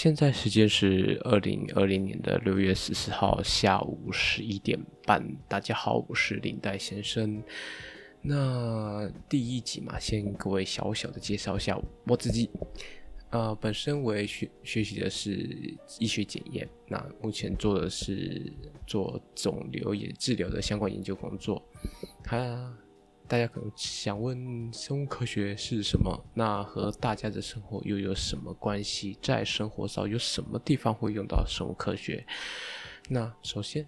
現在時間是二零二零年的六月十四號下午十一點半。大家好，我是領帶先生。那第一集嘛，先各位小小的介紹一下我自己。呃，本身我也學學習的是醫學檢驗，那目前做的是做腫瘤也治療的相關研究工作。哎大家可能想問，生物科學是什麼？那和大家的生活又有什麼關係？在生活上有什麼地方會用到生物科學？那首先，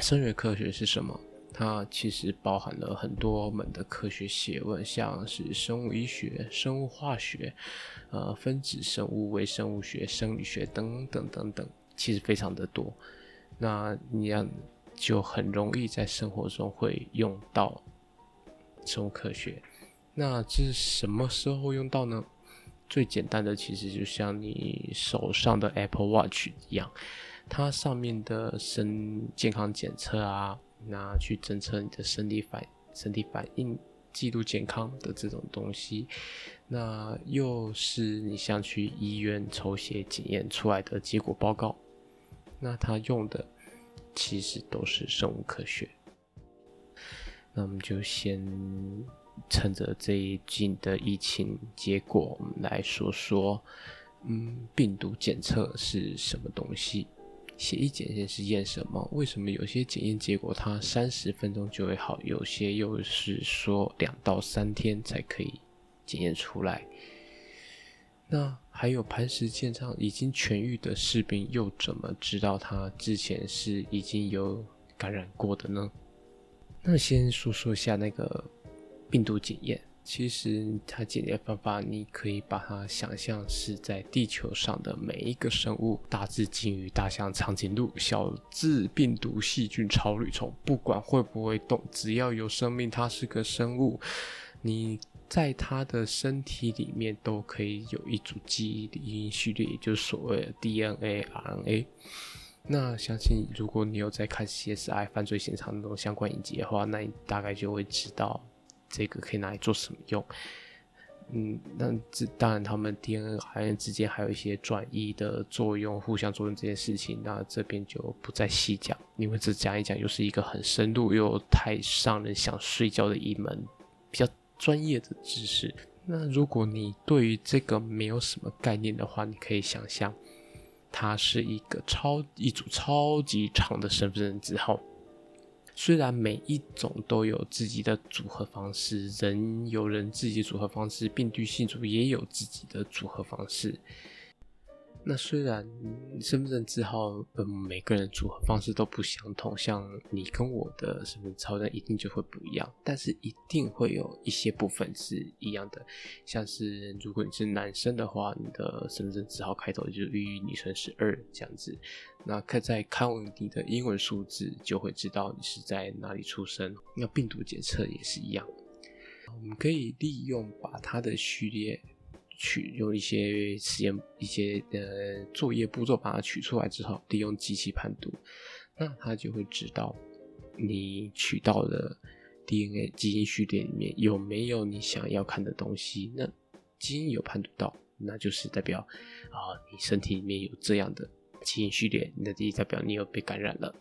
生物科學是什麼？它其實包含了很多門的科學學問，像是生物醫學、生物化學、呃分子生物、微生物學、生理學等等等等，其實非常的多。那你要就很容易在生活中會用到。生物科學，那這是什麼時候用到呢？最簡單的其實就像你手上的 Apple Watch 一樣，它上面的身健康檢測啊，那去偵測你的身體反身體反應、記錄健康的這種東西，那又是你像去醫院抽血檢驗出來的結果報告，那它用的其實都是生物科學。那我們就先趁着最近的疫情結果，我們來說說，嗯，病毒檢測是什麼東西？血液檢驗是驗什麼？為什麼有些檢驗結果它三十分鐘就會好，有些又是說兩到三天才可以檢驗出來？那還有磐石艦上已經痊癒的士兵，又怎麼知道他之前是已經有感染過的呢？那先說說一下那個病毒檢驗，其實它檢驗方法，你可以把它想象是在地球上的每一個生物，大至鯨魚、大象、長頸鹿，小至病毒、細菌、草履蟲，不管會不會動，只要有生命，它是個生物，你在它的身體裡面都可以有一組基因序列，也就是所謂的 DNA、RNA。那相信，如果你有在看 CSI 犯罪現場的那種相關影集的話，那你大概就會知道這個可以拿來做什麼用。嗯，那這當然，他們 DNA 之間還有一些轉移的作用，互相作用這件事情，那這邊就不再細講。因為這講一講，又是一個很深度又太讓人想睡覺的一門比較專業的知識。那如果你對於這個沒有什麼概念的話，你可以想象。它是一個超一組超級長的身份證字號，雖然每一種都有自己的組合方式，人有人自己組合方式，病毒性組也有自己的組合方式。那雖然身份證字號，嗯、呃，每個人組合方式都不相同，像你跟我的身份證超一定就會不一樣，但是一定會有一些部分是一樣的。像是如果你是男生的話，你的身份證字號開頭就是一，女生是二這樣子。那看在看文你的英文數字，就會知道你是在哪裡出生。那病毒檢測也是一樣，我們可以利用把它的序列。取用一些實驗一些呃作業步驟，把它取出來之後，利用機器判讀，那它就會知道你取到的 DNA 基因序列裡面有沒有你想要看的東西。那基因有判讀到，那就是代表啊、呃，你身體裡面有這樣的。基因序列，你的第一代表你有被感染了，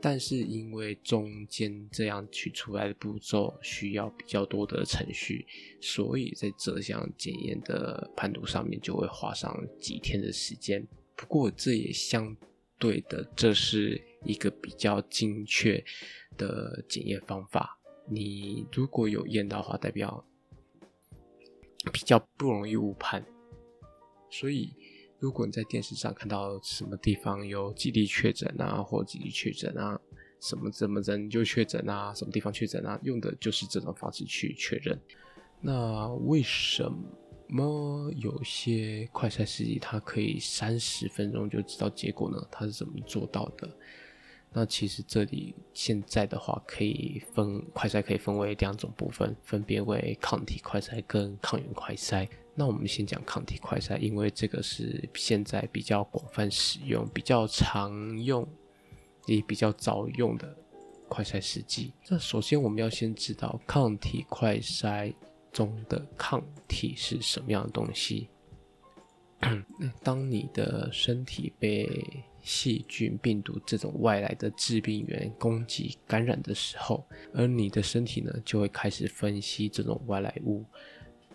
但是因為中間這樣取出來的步驟需要比較多的程序，所以在這項檢驗的判讀上面就會花上幾天的時間。不過這也相對的，這是一個比較精確的檢驗方法。你如果有驗到的話，代表比較不容易誤判，所以。如果你在電視上看到什麼地方有幾例確診啊，或幾例確診啊，什麼什麼人就確診啊，什麼地方確診啊，用的就是這種方式去確認。那為什麼有些快篩試劑它可以三十分鐘就知道結果呢？它是怎麼做到的？那其實這裡現在的話，可以分快篩可以分為兩種部分，分別為抗體快篩跟抗原快篩。那我們先講抗體快篩，因為這個是現在比較廣泛使用、比較常用，也比較早用的快篩試劑。那首先，我們要先知道抗體快篩中的抗體是什麼樣的東西？ 當你的身體被細菌、病毒這種外來的致病源攻擊、感染的時候，而你的身體呢，就會開始分析這種外來物。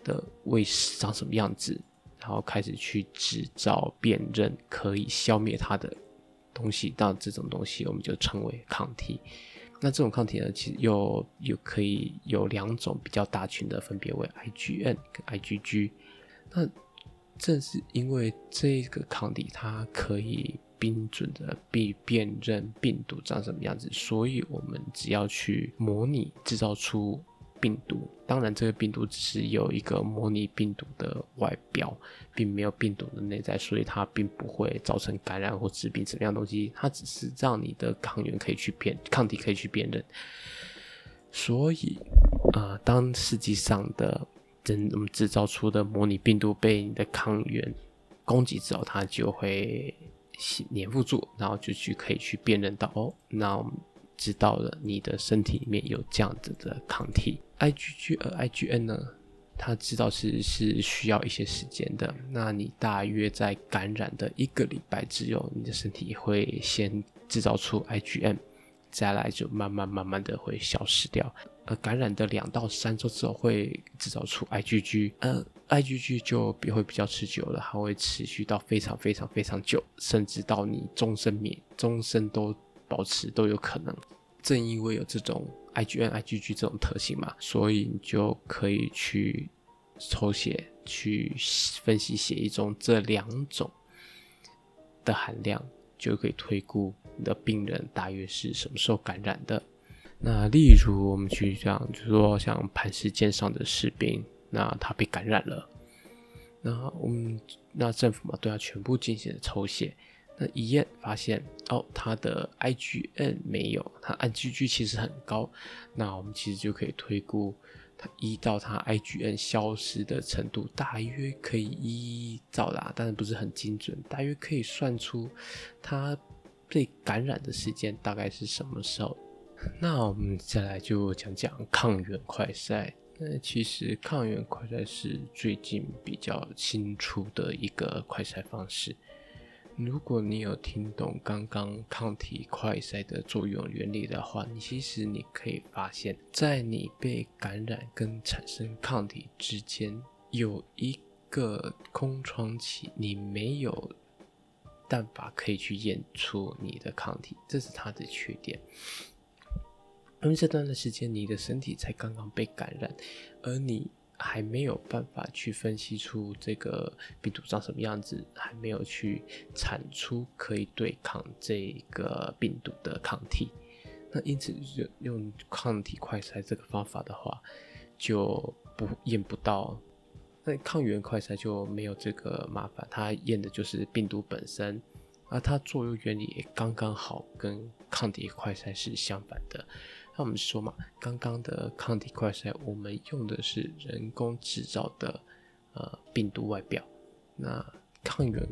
的衛士長什麼樣子，然後開始去製造、辨認可以消滅它的東西，到這種東西我們就稱為抗體。那這種抗體呢，其實又又可以有兩種比較大群的分，分別為 IgN 跟 IgG。那正是因為這個抗體它可以精準的被辨認病毒長什麼樣子，所以我們只要去模擬製造出。病毒，當然這個病毒只是有一個模擬病毒的外表，並沒有病毒的內在，所以它並不會造成感染或致病什麼樣東西。它只是讓你的抗原可以去辨，抗體可以去辨認。所以，呃，當實際上的人們製造出的模擬病毒被你的抗原攻擊之後，它就會黏附住，然後就去可以去辨認到哦，那。知道了，你的身體裡面有這樣子的抗體，IgG 和 IgM 呢，它知道是是需要一些時間的。那你大約在感染的一個禮拜之後，你的身體會先製造出 IgM，再來就慢慢慢慢的會消失掉。而、呃、感染的兩到三周之後會製造出 IgG，呃，IgG 就比會比較持久了，它會持續到非常非常非常久，甚至到你終身免終身都，保持都有可能，正因為有這種 IgM IgG 這種特性嘛，所以你就可以去抽血，去分析血液中這兩種的含量，就可以推估你的病人大約是什麼時候感染的。那例如我們去講，就說像磐石艦上的士兵，那他被感染了，那我們那政府嘛，都要全部進行抽血。那一驗發現，哦，他的 I G N 沒有，他 I G G 其實很高。那我們其實就可以推估，他一到他 I G N 消失的程度，大約可以依照啦，但是不是很精準，大約可以算出他被感染的時間大概是什麼時候。那我們再來就講講抗原快篩。那其實抗原快篩是最近比較新出的一個快篩方式。如果你有聽懂剛剛抗體快篩的作用原理的話，其實你可以發現，在你被感染跟產生抗體之間有一個空窗期，你沒有辦法可以去驗出你的抗體，這是它的缺點。因為這段的時間，你的身體才剛剛被感染，而你。還沒有辦法去分析出這個病毒長什麼樣子，還沒有去產出可以對抗這個病毒的抗體，那因此就用抗體快篩這個方法的話，就不驗不到。那抗原快篩就沒有這個麻煩，它驗的就是病毒本身，而它作用原理也剛剛好跟抗體快篩是相反的。那我們說嘛，剛剛的抗體快篩，我們用的是人工製造的呃病毒外表。那抗原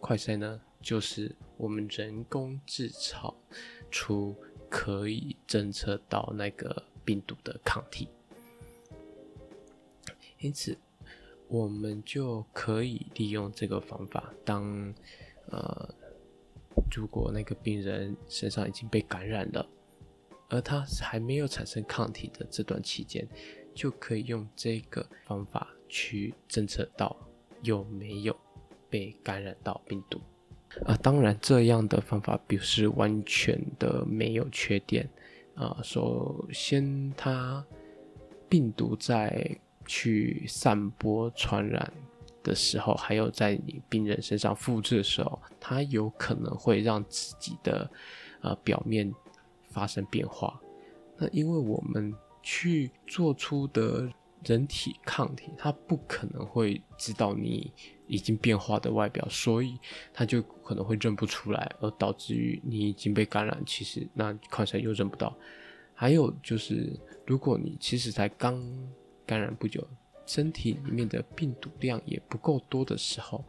快篩呢，就是我們人工製造出可以偵測到那個病毒的抗體。因此，我們就可以利用這個方法，當呃如果那個病人身上已經被感染了。而它還沒有產生抗體的這段期間，就可以用這個方法去偵測到有沒有被感染到病毒。啊、呃，當然這樣的方法不是完全的沒有缺點。啊、呃，首先，它病毒在去散播、傳染的時候，還有在你病人身上複製的時候，它有可能會讓自己的啊、呃、表面，發生變化，那因為我們去做出的人體抗體，它不可能會知道你已經變化的外表，所以它就可能會認不出來，而導致於你已經被感染，其實那看起又認不到。還有就是，如果你其實才剛感染不久，身體裡面的病毒量也不夠多的時候。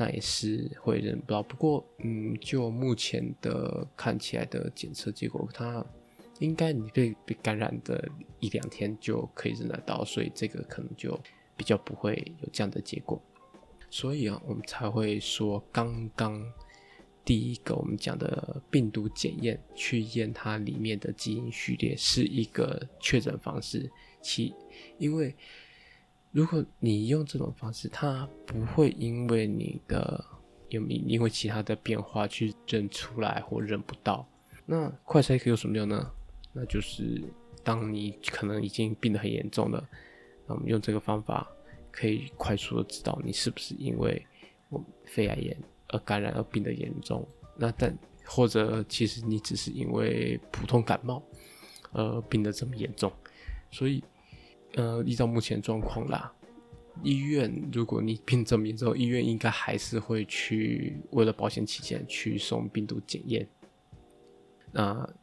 那也是會認不到，不過，嗯，就目前的看起來的檢測結果，它應該你被被感染的一兩天就可以認得到，所以這個可能就比較不會有這樣的結果。所以啊，我們才會說剛剛第一個我們講的病毒檢驗，去驗它裡面的基因序列是一個確診方式，其因為。如果你用這種方式，它不會因為你的有因，因為其他的變化去認出來或認不到。那快篩可有什麼用呢？那就是當你可能已經病得很嚴重了，那我們用這個方法可以快速的知道你是不是因為肺肺炎而感染而病得嚴重。那但或者其實你只是因為普通感冒，而病得這麼嚴重，所以。呃，依照目前狀況啦，醫院如果你病證明之後，醫院應該還是會去為了保險起見去送病毒檢驗。那、呃、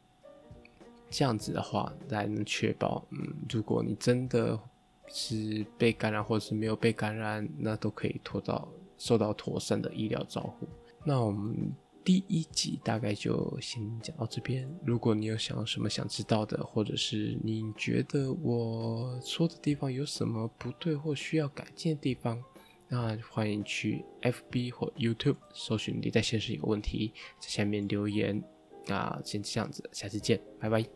這樣子的話，才能確保，嗯，如果你真的是被感染或者是沒有被感染，那都可以拖到受到妥善的醫療照顧。那我們。第一集大概就先講到這邊。如果你有想要什麼想知道的，或者是你覺得我說的地方有什麼不對或需要改進的地方，那歡迎去 FB 或 YouTube 搜尋“你在現實有問題”，在下面留言。那先這樣子，下次見，拜拜。